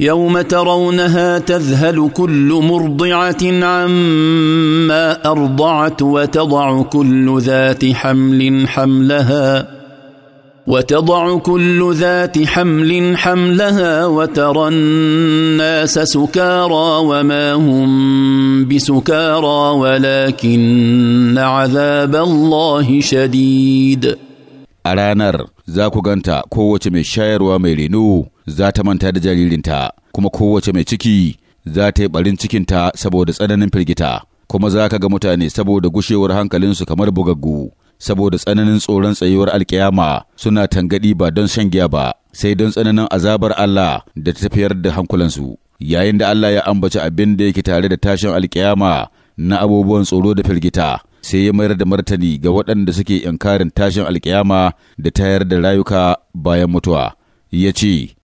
يوم ترونها تذهل كل مرضعه عما ارضعت وتضع كل ذات حمل حملها وتضع كل ذات حمل حملها وترى الناس سكارى وما هم بسكارى ولكن عذاب الله شديد أرانر ranar za ku ganta kowace za ta manta da jaririnta kuma kowace mai ciki za ta yi barin cikinta saboda tsananin firgita kuma za ka ga mutane saboda gushewar hankalinsu kamar bugaggu saboda tsananin tsoron tsayuwar alkiyama suna tangadi ba don shan giya ba sai don tsananin azabar Allah da tafiyar da hankulansu yayin da Allah ya ambaci abin da yake tare da tashin alkiyama na abubuwan tsoro da firgita sai ya mayar da martani ga waɗanda suke yankarin tashin alkiyama da tayar da rayuka bayan mutuwa ya ce